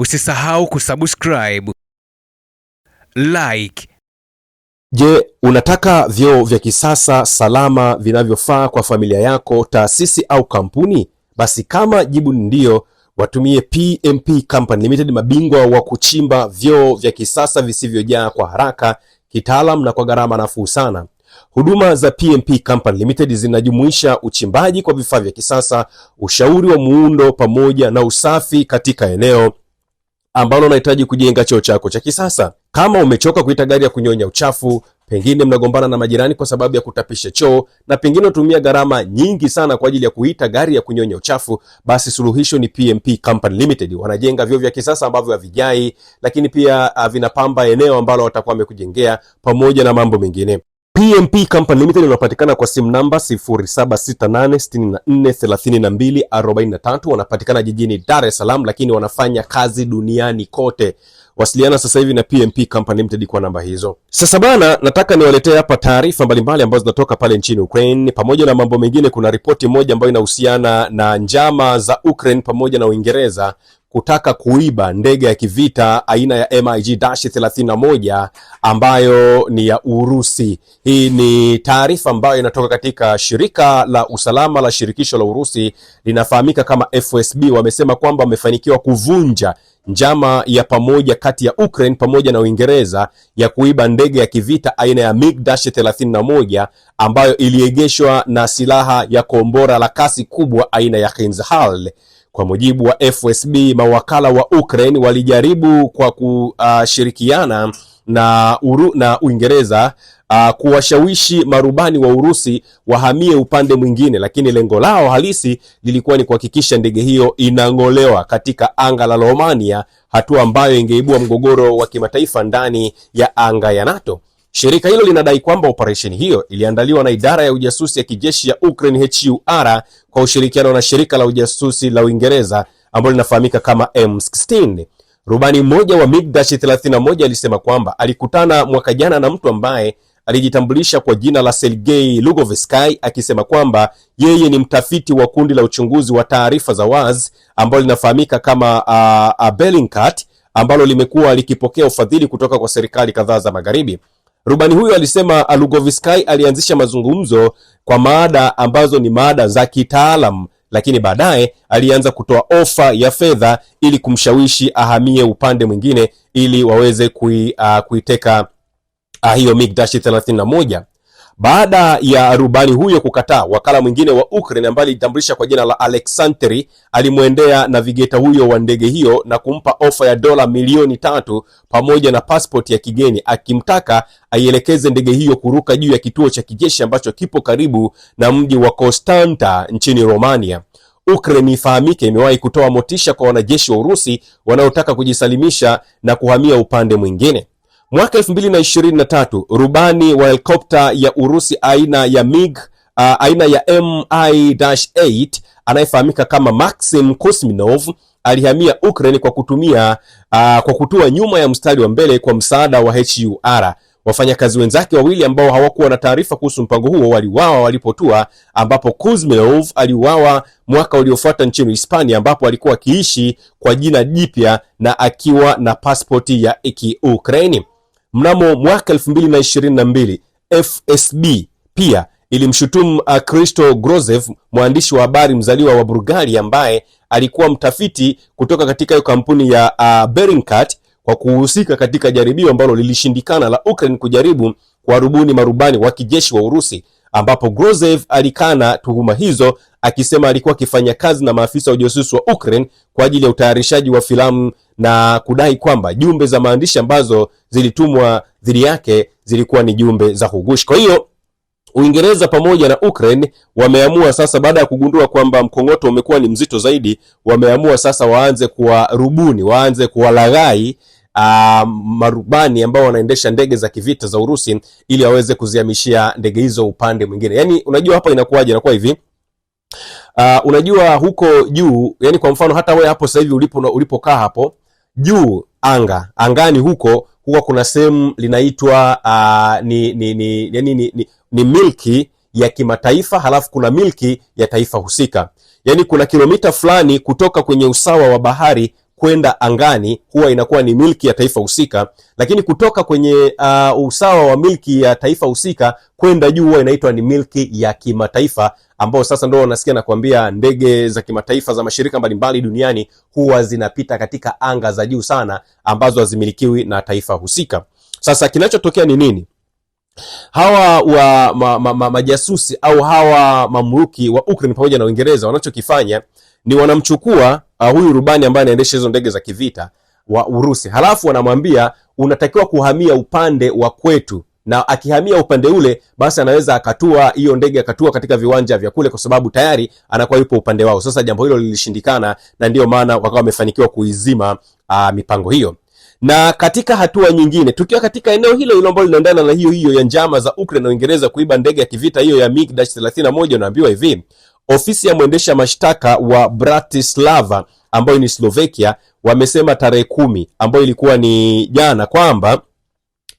Usisahau kusubscribe, like. Je, unataka vyoo vya kisasa salama vinavyofaa kwa familia yako, taasisi au kampuni? Basi kama jibu ni ndiyo, watumie PMP Company Limited, mabingwa wa kuchimba vyoo vya kisasa visivyojaa kwa haraka, kitaalam na kwa gharama nafuu sana. Huduma za PMP Company Limited zinajumuisha uchimbaji kwa vifaa vya kisasa, ushauri wa muundo pamoja na usafi katika eneo ambalo unahitaji kujenga choo chako cha kisasa. Kama umechoka kuita gari ya kunyonya uchafu, pengine mnagombana na majirani kwa sababu ya kutapisha choo, na pengine unatumia gharama nyingi sana kwa ajili ya kuita gari ya kunyonya uchafu, basi suluhisho ni PMP Company Limited. Wanajenga vyoo vya kisasa ambavyo havijai, lakini pia ah, vinapamba eneo ambalo watakuwa wamekujengea pamoja na mambo mengine. PMP Company Limited wanapatikana kwa simu namba 0768643243. Wanapatikana jijini Dar es Salaam, lakini wanafanya kazi duniani kote. Wasiliana sasa hivi na PMP Company Limited kwa namba hizo. Sasa bana, nataka niwaletee hapa taarifa mbalimbali ambazo zinatoka pale nchini Ukraine. Pamoja na mambo mengine, kuna ripoti moja ambayo inahusiana na njama za Ukraine pamoja na Uingereza kutaka kuiba ndege ya kivita aina ya MiG 31 ambayo ni ya Urusi. Hii ni taarifa ambayo inatoka katika shirika la usalama la shirikisho la Urusi linafahamika kama FSB. Wamesema kwamba wamefanikiwa kuvunja njama ya pamoja kati ya Ukraine pamoja na Uingereza ya kuiba ndege ya kivita aina ya MiG 31 ambayo iliegeshwa na silaha ya kombora la kasi kubwa aina ya Kinzhal. Kwa mujibu wa FSB, mawakala wa Ukraine walijaribu kwa kushirikiana ah, na, uru, na Uingereza uh, kuwashawishi marubani wa Urusi wahamie upande mwingine, lakini lengo lao halisi lilikuwa ni kuhakikisha ndege hiyo inang'olewa katika anga la Romania, hatua ambayo ingeibua mgogoro wa kimataifa ndani ya anga ya NATO. Shirika hilo linadai kwamba operesheni hiyo iliandaliwa na idara ya ujasusi ya kijeshi ya Ukraine HUR kwa ushirikiano na shirika la ujasusi la Uingereza ambalo linafahamika kama M16. Rubani mmoja wa MiG-31 alisema kwamba alikutana mwaka jana na mtu ambaye alijitambulisha kwa jina la Sergei Lugovsky akisema kwamba yeye ni mtafiti wa kundi la uchunguzi wa taarifa za waz ambalo linafahamika kama uh, uh, Bellingcat ambalo limekuwa likipokea ufadhili kutoka kwa serikali kadhaa za Magharibi. Rubani huyo alisema alugoviskai alianzisha mazungumzo kwa maada ambazo ni maada za kitaalam, lakini baadaye alianza kutoa ofa ya fedha ili kumshawishi ahamie upande mwingine ili waweze kui, uh, kuiteka uh, hiyo MiG-31. Baada ya rubani huyo kukataa, wakala mwingine wa Ukraine ambaye alijitambulisha kwa jina la Alexanteri alimwendea navigeta huyo wa ndege hiyo na kumpa ofa ya dola milioni tatu pamoja na passport ya kigeni, akimtaka aielekeze ndege hiyo kuruka juu ya kituo cha kijeshi ambacho kipo karibu na mji wa Constanta nchini Romania. Ukraine ifahamike, imewahi kutoa motisha kwa wanajeshi wa Urusi wanaotaka kujisalimisha na kuhamia upande mwingine. Mwaka tatu rubani wa helikopta ya Urusi aina ya MiG uh, aina ya Mi-8 anayefahamika kama Maxim kusminov alihamia Ukraine kwa kutumia uh, kwa kutua nyuma ya mstari wa mbele kwa msaada wa HUR. Wafanyakazi wenzake wawili ambao hawakuwa na taarifa kuhusu mpango huo waliuawa walipotua, ambapo Kuzminov aliuawa mwaka uliofuata nchini Hispania, ambapo alikuwa akiishi kwa jina jipya na akiwa na pasipoti ya Kiukraini mnamo mwaka 2022 FSB pia ilimshutumu uh, kristo Grozev, mwandishi wa habari mzaliwa wa Bulgaria ambaye alikuwa mtafiti kutoka katika hiyo kampuni ya uh, beringcat kwa kuhusika katika jaribio ambalo lilishindikana la Ukraine kujaribu kuarubuni marubani wa kijeshi wa Urusi, ambapo Grozev alikana tuhuma hizo akisema alikuwa akifanya kazi na maafisa wa ujasusi wa Ukraine kwa ajili ya utayarishaji wa filamu na kudai kwamba jumbe za maandishi ambazo zilitumwa dhidi yake zilikuwa ni jumbe za kugushi. Kwa hiyo Uingereza pamoja na Ukraine wameamua sasa, baada ya kugundua kwamba mkong'oto umekuwa ni mzito zaidi, wameamua sasa waanze kuwarubuni, waanze kuwalaghai Uh, marubani ambao wanaendesha ndege za kivita za Urusi ili waweze kuzihamishia ndege hizo upande mwingine. Yaani, unajua hapa inakuwaje? Inakuwa hivi Uh, unajua huko juu, yani kwa mfano hata wewe hapo sasa hivi ulipo ulipokaa hapo juu anga angani huko huwa kuna sehemu linaitwa uh, ni, ni, ni, ni, ni, ni, ni milki ya kimataifa halafu kuna milki ya taifa husika, yaani kuna kilomita fulani kutoka kwenye usawa wa bahari kwenda angani huwa inakuwa ni milki ya taifa husika, lakini kutoka kwenye uh, usawa wa milki ya taifa husika kwenda juu huwa inaitwa ni milki ya kimataifa, ambao sasa wanasikia na kuambia ndege za kimataifa za mashirika mbalimbali duniani huwa zinapita katika anga za juu sana ambazo hazimilikiwi na taifa husika. Sasa kinachotokea ni nini? hawa wa ma, ma, ma, majasusi au hawa mamluki wa Ukraine pamoja na Uingereza wanachokifanya ni wanamchukua uh, huyu rubani ambaye anaendesha hizo ndege za kivita wa Urusi, halafu wanamwambia unatakiwa kuhamia upande wa kwetu, na akihamia upande ule basi anaweza akatua hiyo ndege akatua katika viwanja vya kule, kwa sababu tayari anakuwa yupo upande wao. Sasa jambo hilo lilishindikana, na ndiyo maana wakawa wamefanikiwa kuizima uh, mipango hiyo. Na katika hatua nyingine, tukiwa katika eneo hilo hilo ambalo linaendana na hiyo hiyo ya njama za Ukraine na Uingereza kuiba ndege ya kivita hiyo ya MiG-31, unaambiwa hivi, ofisi ya mwendesha mashtaka wa Bratislava ambayo ni Slovakia wamesema tarehe kumi ambayo ilikuwa ni jana kwamba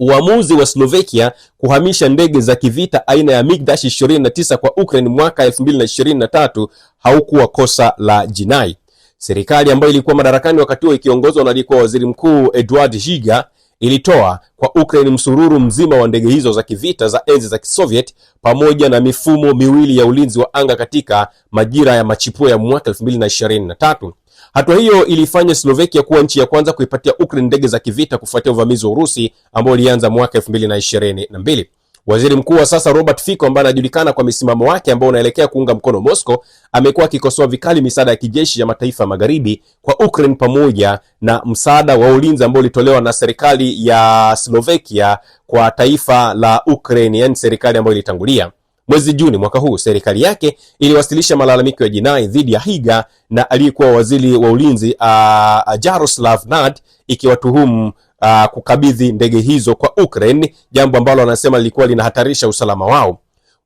uamuzi wa Slovakia kuhamisha ndege za kivita aina ya MiG-29 kwa Ukraine mwaka 2023 haukuwa kosa la jinai. Serikali ambayo ilikuwa madarakani wakati huo ikiongozwa na aliyekuwa waziri mkuu Edward Higa ilitoa kwa Ukraine msururu mzima wa ndege hizo za kivita za enzi za Kisoviet pamoja na mifumo miwili ya ulinzi wa anga katika majira ya machipuo ya mwaka 2023. Hatua hiyo ilifanya Slovakia kuwa nchi ya kwanza kuipatia Ukraine ndege za kivita kufuatia uvamizi wa Urusi ambao ulianza mwaka 2022. Waziri mkuu wa sasa Robert Fico ambaye anajulikana kwa misimamo wake ambao unaelekea kuunga mkono Moscow amekuwa akikosoa vikali misaada ya kijeshi ya mataifa ya magharibi kwa Ukraine pamoja na msaada wa ulinzi ambao ulitolewa na serikali ya Slovakia kwa taifa la Ukraine, yani serikali ambayo ilitangulia. Mwezi Juni mwaka huu serikali yake iliwasilisha malalamiko ya jinai dhidi ya Higa na aliyekuwa waziri wa ulinzi uh, Jaroslav Nad ikiwatuhumu uh, kukabidhi ndege hizo kwa Ukraine, jambo ambalo wanasema lilikuwa linahatarisha usalama wao.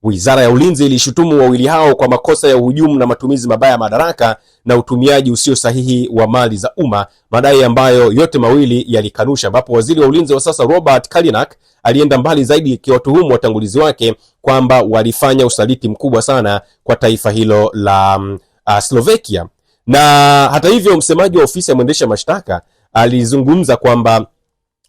Wizara ya Ulinzi ilishutumu wawili hao kwa makosa ya uhujumu na matumizi mabaya ya madaraka na utumiaji usio sahihi wa mali za umma, madai ambayo yote mawili yalikanusha, ambapo waziri wa ulinzi wa sasa Robert Kalinak alienda mbali zaidi akiwatuhumu watangulizi wake kwamba walifanya usaliti mkubwa sana kwa taifa hilo la mm, uh, Slovakia. Na hata hivyo, msemaji wa ofisi ya mwendesha mashtaka alizungumza kwamba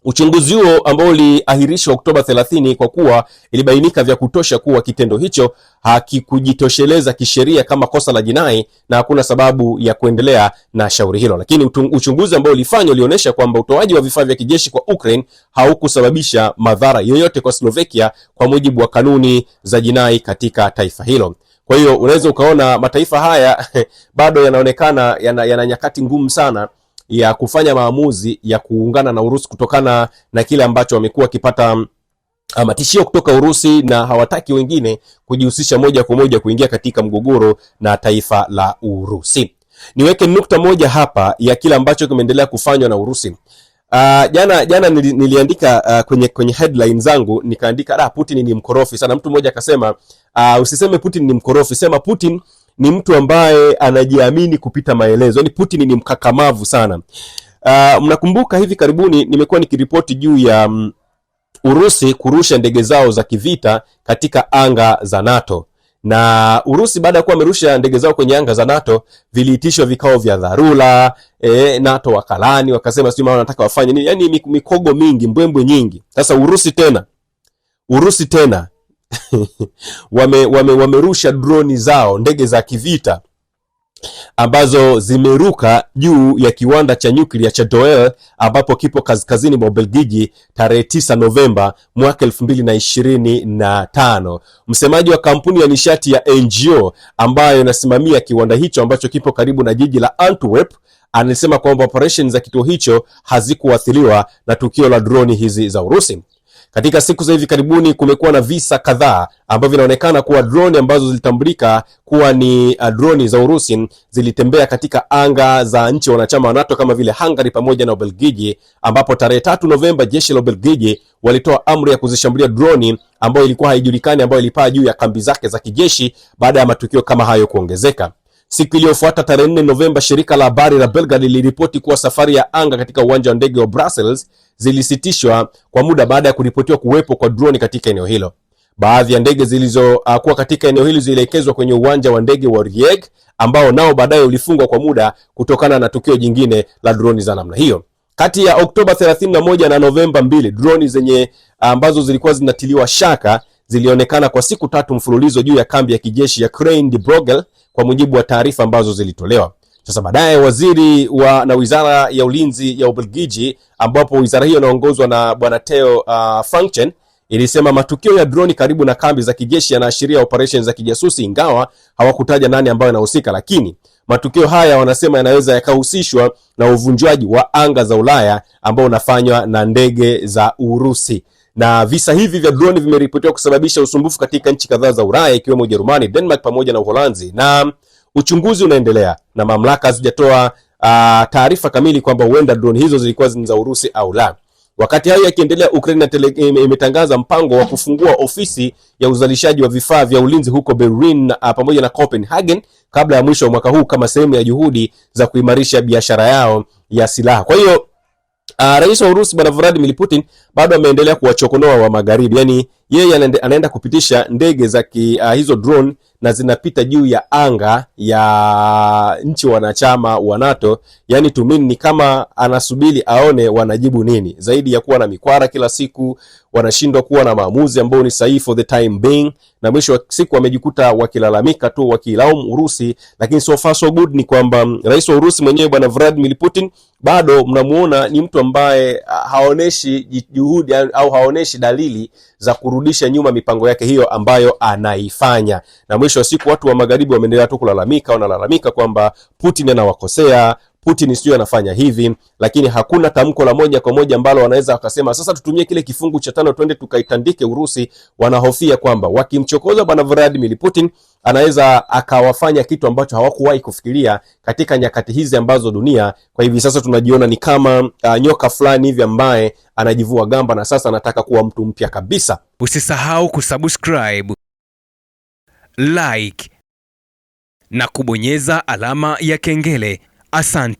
Uchunguzi huo ambao uliahirishwa Oktoba 30 kwa kuwa ilibainika vya kutosha kuwa kitendo hicho hakikujitosheleza kisheria kama kosa la jinai na hakuna sababu ya kuendelea na shauri hilo. Lakini uchunguzi ambao ulifanywa ulionyesha kwamba utoaji wa vifaa vya kijeshi kwa Ukraine haukusababisha madhara yoyote kwa Slovakia kwa mujibu wa kanuni za jinai katika taifa hilo. Kwa hiyo unaweza ukaona mataifa haya bado yanaonekana yana, yana nyakati ngumu sana ya kufanya maamuzi ya kuungana na Urusi kutokana na kile ambacho wamekuwa wakipata matishio kutoka Urusi na hawataki wengine kujihusisha moja kwa moja kuingia katika mgogoro na taifa la Urusi. Niweke nukta moja hapa ya kile ambacho kimeendelea kufanywa na Urusi. Uh, jana jana nili, niliandika uh, kwenye kwenye headline zangu nikaandika ah, Putin ni mkorofi sana. Mtu mmoja akasema uh, usiseme Putin ni mkorofi, sema Putin ni mtu ambaye anajiamini kupita maelezo. Yaani Putin ni mkakamavu sana. Uh, mnakumbuka hivi karibuni nimekuwa nikiripoti juu ya um, Urusi kurusha ndege zao za kivita katika anga za NATO na Urusi baada ya kuwa amerusha ndege zao kwenye anga za NATO viliitishwa vikao vya dharura e, NATO wakalani wakasema, sijui maana wanataka wafanye nini, yani mikogo mingi, mbwembwe nyingi. Sasa Urusi tena Urusi tena wame, wame, wamerusha droni zao, ndege za kivita ambazo zimeruka juu ya kiwanda cha nyuklia cha Doel ambapo kipo kaskazini mwa Ubelgiji tarehe 9 Novemba mwaka tano Msemaji wa kampuni ya nishati ya NGO ambayo inasimamia kiwanda hicho ambacho kipo karibu na jiji la Antwerp anasema kwamba operesheni za kituo hicho hazikuathiriwa na tukio la droni hizi za Urusi. Katika siku za hivi karibuni kumekuwa na visa kadhaa ambavyo inaonekana kuwa droni ambazo zilitambulika kuwa ni uh, droni za Urusi zilitembea katika anga za nchi wanachama wa NATO kama vile Hungary pamoja na Ubelgiji, ambapo tarehe tatu Novemba jeshi la Ubelgiji walitoa amri ya kuzishambulia droni ambayo ilikuwa haijulikani, ambayo ilipaa juu ya kambi zake za kijeshi baada ya matukio kama hayo kuongezeka. Siku iliyofuata tarehe 4 Novemba, shirika la habari la Belga liliripoti kuwa safari ya anga katika uwanja wa ndege wa Brussels zilisitishwa kwa muda baada ya kuripotiwa kuwepo kwa droni katika eneo hilo. Baadhi ya ndege zilizokuwa ah, katika eneo hilo zilielekezwa kwenye uwanja wa ndege wa Liege ambao nao baadaye ulifungwa kwa muda kutokana na tukio jingine la droni za namna hiyo. Kati ya Oktoba 31 na Novemba 2, droni zenye ah, ambazo zilikuwa zinatiliwa shaka zilionekana kwa siku tatu mfululizo juu ya kambi ya kijeshi ya Crane de Brogel kwa mujibu wa taarifa ambazo zilitolewa. Sasa baadaye waziri wa na wizara ya ulinzi ya Ubelgiji, ambapo wizara hiyo inaongozwa na bwana Theo uh, Franken ilisema matukio ya droni karibu na kambi za kijeshi yanaashiria operesheni za kijasusi, ingawa hawakutaja nani ambayo yanahusika, lakini matukio haya wanasema yanaweza yakahusishwa na uvunjwaji wa anga za Ulaya ambao unafanywa na ndege za Urusi na visa hivi vya droni vimeripotiwa kusababisha usumbufu katika nchi kadhaa za Ulaya ikiwemo Ujerumani, Denmark pamoja na Uholanzi, na uchunguzi unaendelea na mamlaka hazijatoa uh, taarifa kamili kwamba huenda droni hizo zilikuwa ni za Urusi au la. Wakati hayo yakiendelea, Ukraine imetangaza mpango wa kufungua ofisi ya uzalishaji wa vifaa vya ulinzi huko Berlin uh, pamoja na Copenhagen kabla ya mwisho wa mwaka huu kama sehemu ya juhudi za kuimarisha biashara yao ya silaha. Kwa hiyo Ah, Rais wa Urusi Bwana Vladimir Putin bado ameendelea kuwachokonoa wa magharibi, yani yeye anaenda kupitisha ndege za ki, uh, hizo drone na zinapita juu ya anga ya nchi wanachama wa NATO. Yani tumini ni kama anasubiri aone wanajibu nini, zaidi ya kuwa na mikwara kila siku, wanashindwa kuwa na maamuzi ambayo ni sahihi for the time being, na mwisho wa siku wamejikuta wakilalamika tu, wakilaumu Urusi. Lakini so far so good ni kwamba mm, rais wa Urusi mwenyewe bwana Vladimir Putin bado mnamuona ni mtu ambaye ah, haoneshi juhudi au haoneshi dalili za kurudisha nyuma mipango yake hiyo ambayo anaifanya. Na mwisho wa siku watu wa magharibi wameendelea tu kulalamika, wanalalamika kwamba Putin anawakosea Putin sijui anafanya hivi, lakini hakuna tamko la moja kwa moja ambalo wanaweza wakasema sasa tutumie kile kifungu cha tano twende tukaitandike Urusi. Wanahofia kwamba wakimchokoza bwana Vladimir Putin anaweza akawafanya kitu ambacho hawakuwahi kufikiria katika nyakati hizi ambazo dunia kwa hivi sasa tunajiona ni kama uh, nyoka fulani hivi ambaye anajivua gamba na sasa anataka kuwa mtu mpya kabisa. Usisahau kusubscribe, like na kubonyeza alama ya kengele. Asante.